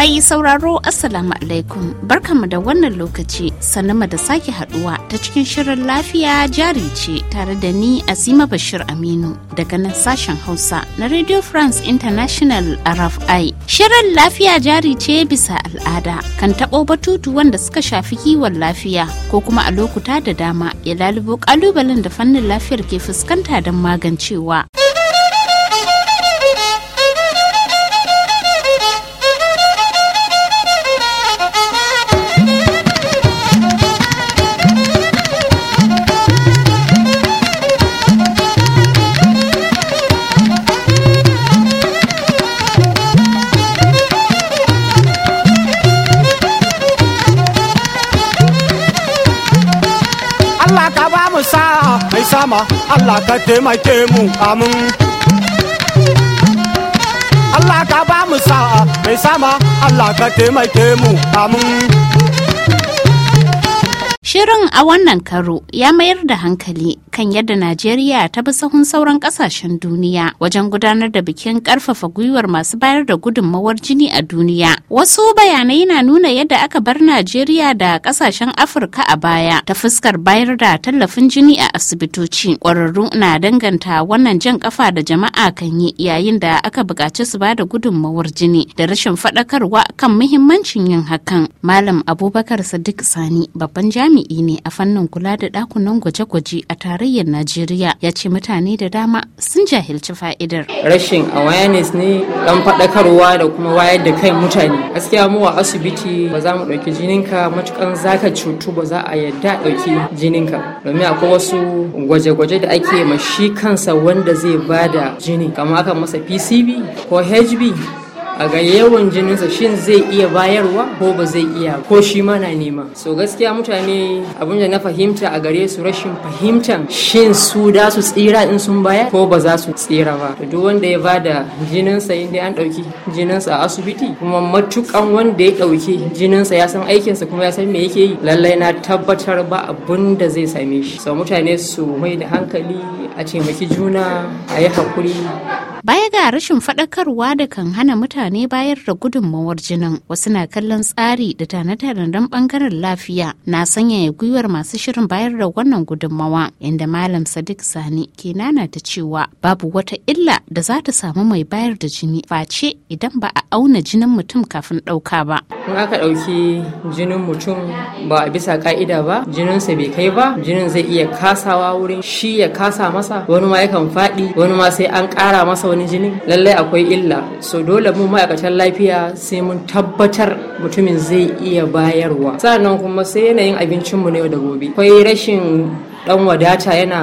Mai sauraro Assalamu alaikum barkanmu da wannan lokaci sanama da sake haduwa ta cikin shirin lafiya jari ce tare da ni Azima Bashir Aminu daga nan sashen Hausa na Radio France International RFI. Shirin lafiya jari ce bisa al'ada kan taɓo batutu wanda suka shafi kiwon lafiya ko kuma a lokuta da dama ya lalubo ƙalubalen da fannin lafiyar ke fuskanta don magancewa. sama Allah ka taimake mu amin Allah ka ba mu sa'a mai sama Allah ka taimake mu amin Shirin a wannan karo ya mayar da hankali kan yadda Najeriya ta bi sahun sauran kasashen duniya wajen gudanar da bikin karfafa gwiwar masu bayar da gudunmawar jini a duniya. Wasu bayanai na nuna yadda aka bar Najeriya da kasashen Afirka a baya ta fuskar bayar da tallafin jini a asibitoci. kwararru na danganta wannan jan kafa da jama'a kan yi yayin da aka buƙaci su ba da gudunmawar jini da rashin faɗakarwa kan muhimmancin yin hakan. Malam Abubakar Sadiq Sani babban jami'a. jami'i ne a fannin kula da dakunan gwaje-gwaje a tarayyar najeriya ya ce mutane da dama sun jahilci fa'idar rashin awareness ne dan faɗakarwa da kuma wayar da kai mutane gaskiya mu a asibiti ba za mu ɗauki jininka matukan zaka cutu ba za a yadda ɗauki jininka domin akwai wasu gwaje-gwaje da ake ma shi kansa wanda zai bada jini kamar aka masa pcb ko hb ga yawan jininsa shin zai iya bayarwa ko ba zai iya ko shi ma na nema so gaskiya mutane abin da na fahimta a gare su rashin fahimtan shin su da su tsira in sun bayar ko ba za su tsira ba to duk wanda ya bada jininsa inda an dauki jininsa a asibiti kuma matukan wanda ya dauki jininsa ya san aikinsa kuma ya san me yake yi lallai na tabbatar ba abin da zai same shi so mutane su mai da hankali a taimaki juna a yi hakuri Baya ga rashin faɗakarwa da kan hana mutane bayar da gudunmawar jinin wasu na kallon tsari da tana tanen bangaren lafiya na sanyaya gwiwar masu shirin bayar da wannan gudunmawa inda Malam Sadiq Sani ke nana ta cewa babu wata illa da za ta samu mai bayar da jini face idan ba a auna jinin mutum kafin ɗauka ba. In aka ɗauki jinin mutum ba a bisa ka'ida ba jininsa bai kai ba jinin zai iya kasawa wurin shi ya kasa masa wani ma yakan faɗi wani ma sai an ƙara masa wani jini lallai akwai illa so dole mu ma'aikatan lafiya sai mun tabbatar mutumin zai iya bayarwa sannan kuma sai yanayin abincinmu na yau da gobe akwai rashin dan wadata yana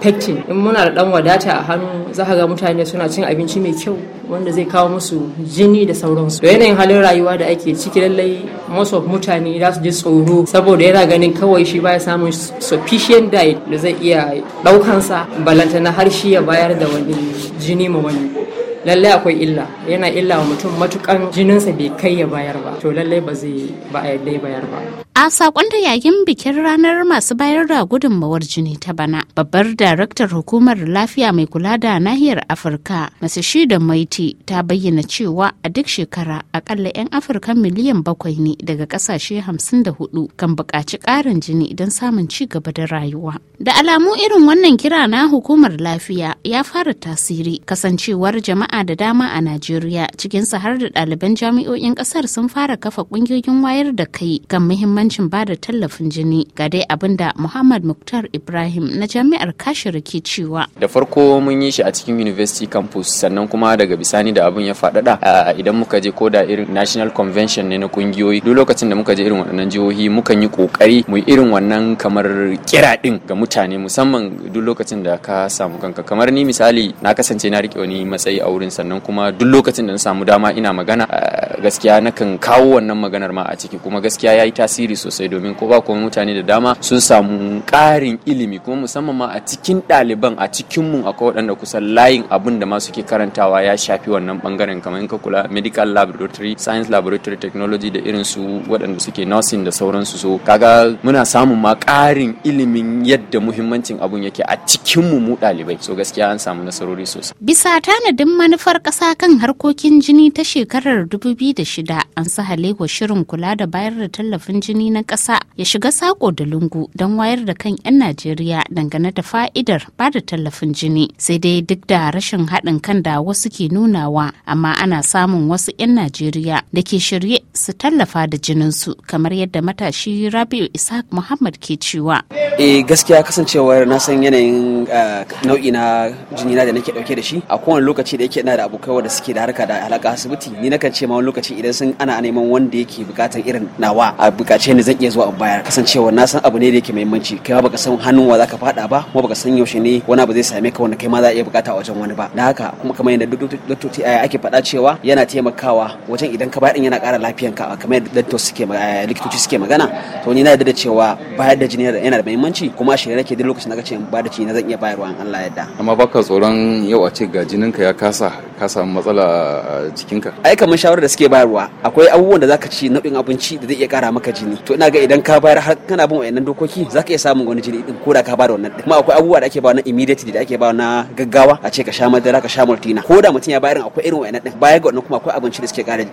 pectin in muna da dan wadata a hannu za ga mutane suna cin abinci mai kyau wanda zai kawo musu jini da sauransu da yanayin halin rayuwa da ake ciki lallai most of mutane za su ji tsoro saboda yana ganin kawai shi baya samun sufficient diet da zai iya daukansa balantana har shi ya bayar da wani jini ma wani lallai akwai illa yana illa wa mutum matukan jininsa bai kai ya bayar ba to lallai ba zai ba a yadda bayar ba a sakon da yayin bikin ranar masu bayar da gudunmawar jini ta bana babbar daraktar hukumar lafiya mai kula da nahiyar afirka masu da maiti ta bayyana cewa a duk shekara akalla 'yan afirka miliyan bakwai ne daga kasashe hudu kan buƙaci ƙarin jini don samun ci gaba da rayuwa da alamu irin wannan kira na hukumar lafiya ya fara tasiri kasancewar jama'a jama'a da dama a Najeriya su har da ɗaliban jami'o'in ƙasar sun fara kafa ƙungiyoyin wayar da kai kan muhimmancin ba da tallafin jini ga dai abin da Muhammad Muktar Ibrahim na jami'ar Kashiri ke cewa. Da farko mun yi shi a cikin University Campus sannan kuma daga bisani da abin ya faɗaɗa idan muka je koda irin National Convention ne na ƙungiyoyi duk lokacin da muka je irin waɗannan jihohi mukan yi ƙoƙari mu irin wannan kamar kira ɗin ga mutane musamman duk lokacin da ka samu kanka kamar ni misali na kasance na riƙe wani matsayi a wurin abin sannan kuma duk lokacin da na samu dama ina magana eh, gaskiya na kan kawo wannan maganar ma a ciki kuma gaskiya ya yi tasiri sosai domin ko ba kuma mutane da dama sun samu ƙarin ilimi kuma musamman ma a cikin ɗaliban a cikin mu akwai waɗanda kusa layin abin da ma suke karantawa ya shafi wannan ɓangaren kamar in ka kula medical laboratory science laboratory technology da irin su waɗanda suke nursing da sauransu so kaga muna samun ma ƙarin ilimin yadda muhimmancin abun yake a cikinmu mu ɗalibai so gaskiya an samu nasarori sosai. bisa tanadin manufar ƙasa kan harkokin jini ta shekarar 2000 2006 an saha Lagos shirin kula da bayar da tallafin jini na kasa ya shiga sako da lungu don wayar da kan 'yan Najeriya dangane da fa'idar ba da tallafin jini. Sai dai duk da rashin haɗin kan da wasu ke nunawa, amma ana samun wasu 'yan Najeriya da ke shirye su tallafa da jininsu kamar yadda matashi Rabiu Isaac Muhammad ke cewa. Eh gaskiya kasancewar na san yanayin eh, nau'i na jini na da nake dauke da shi a kowane lokaci da yake ina da abokai da suke da harka da alaka asibiti ni nakan ce ma wani lokaci idan sun ana neman wanda yake bukatar irin nawa a bukace ne zan iya zuwa in bayar kasancewa na san abu ne da yake muhimmanci kai ma baka san hannun wa zaka fada ba kuma baka san yaushe ne wani abu zai same ka wanda kai ma za a iya bukata a wajen wani ba da haka kuma kamar yadda doctor aya eh, ake faɗa cewa yana taimakawa wajen idan ka bayar yana ƙara lafiyanka kamar yadda dokto suke eh, likitoci suke magana to ni na yarda da cewa bayar da jini yana da muhimmanci kuma shirye nake duk lokacin da ka kace ba da jini zan iya bayarwa in Allah ya yarda amma baka tsoron yau a ce ga jininka ya kasa ka samu matsala a jikinka ai kamar shawarar da suke suke bayarwa akwai abubuwan da zaka ci nau'in abinci da zai iya kara maka jini to ina ga idan ka bayar har kana bin wayannan dokoki zaka iya samun wani jini din ko da ka bada wannan kuma akwai abubuwa da ake bayar na immediately da ake bayar na gaggawa a ce ka sha madara ka sha multina ko da mutum ya bayar akwai irin wayannan din baya ga wannan kuma akwai abinci da suke kara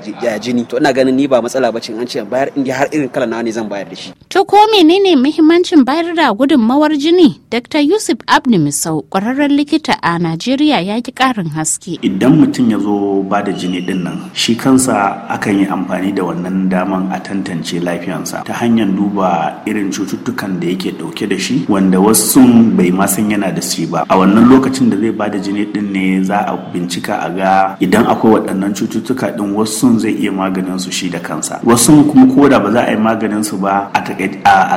jini to ina ganin ni ba matsala bace an ce bayar in har irin kala nawa ne zan bayar da shi to ko menene muhimmancin bayar da gudunmawar jini Dr. Yusuf abdu Misau kwararren likita a Najeriya ya ki karin haske idan mutum ya zo ba da jini din nan shi kansa a akan yi amfani da wannan daman a tantance lafiyansa ta hanyar duba irin cututtukan da yake dauke da shi wanda wasu bai ma san yana da shi ba a wannan lokacin da zai bada jini din ne za a bincika a ga idan akwai waɗannan cututtuka din wasu zai iya maganin su shi da kansa wasu kuma ko da ba za a yi maganin su ba a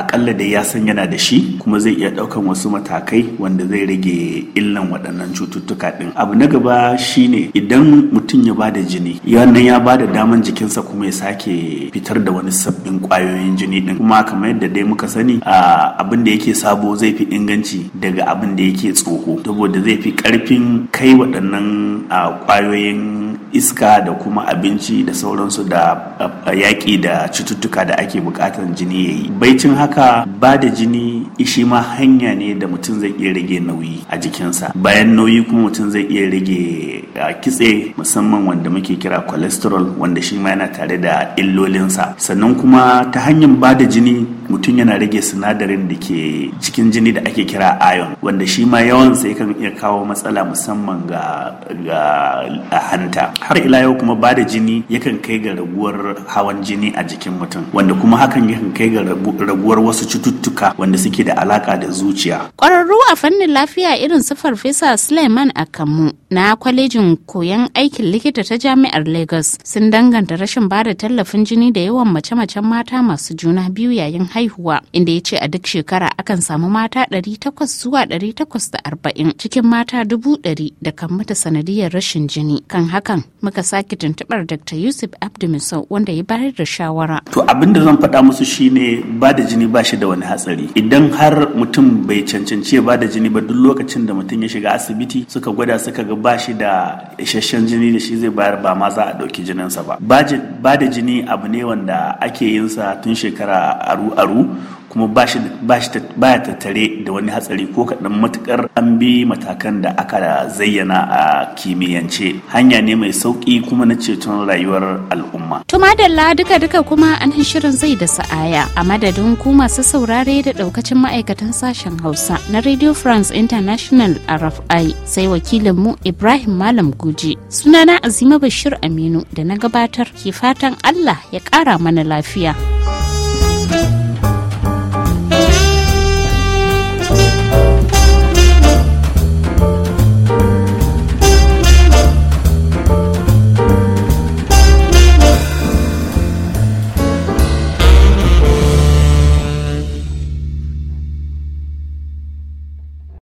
akalla da ya san yana da shi kuma zai iya ɗaukan wasu matakai wanda zai rage illan waɗannan cututtuka din abu na gaba shine idan mutum ya bada jini yana ya bada daman jikinsa kuma ya sake fitar da wani sabbin kwayoyin jini din kuma kamar yadda dai muka sani abin da yake sabo zai fi inganci daga abin da yake tsoho saboda zai fi karfin kai waɗannan kwayoyin iska da kuma abinci da sauransu da yaƙi da cututtuka da ake buƙatar jini ya yi baicin haka ba da jini shi ma hanya ne da mutum zai iya rage nauyi a jikinsa bayan nauyi kuma mutum zai iya rage kitse musamman wanda muke kira cholesterol wanda shi ma yana tare da illolinsa sannan kuma ta hanyar ba da jini mutum yana rage sinadarin da ke cikin jini da ake kira iron wanda shi ma yawan sai kan iya kawo matsala musamman ga ga hanta har ila yau kuma bada jini yakan kai ga raguwar hawan jini a jikin mutum wanda kuma hakan yakan kai ga raguwar wasu cututtuka wanda suke da alaka da zuciya kwararru a fannin lafiya irin su farfesa Suleiman Akamu na kwalejin koyon aikin likita ta jami'ar Lagos sun danganta rashin bada tallafin jini da yawan mace-macen mata masu juna biyu yayin haihuwa inda ya ce a duk shekara akan samu mata 800 zuwa 840 cikin mata 100 da kan mata sanadiyar rashin jini kan hakan muka sake tuntubar Dr. Yusuf Abdumisau wanda ya bayar da shawara. To abin da zan faɗa musu shine ba da jini ba shi da wani hatsari idan har mutum bai cancanci ya ba da jini ba duk lokacin da mutum ya shiga asibiti suka gwada suka ga ba shi da isasshen jini da shi zai bayar ba ma za a ɗauki jininsa ba. Ba da jini abu ne wanda ake yin sa tun shekara aru faru kuma ba shi tattare da wani hatsari ko kaɗan matukar an bi matakan da aka zayyana a kimiyyance hanya ne mai sauƙi kuma na ceton rayuwar al'umma. Tuma dalla duka duka kuma an shirin zai da sa'aya a madadin ku masu saurare da ɗaukacin ma'aikatan sashen Hausa na Radio France International RFI sai wakilin mu Ibrahim Malam Guji sunana Azima Bashir Aminu da na gabatar ke fatan Allah ya ƙara mana lafiya.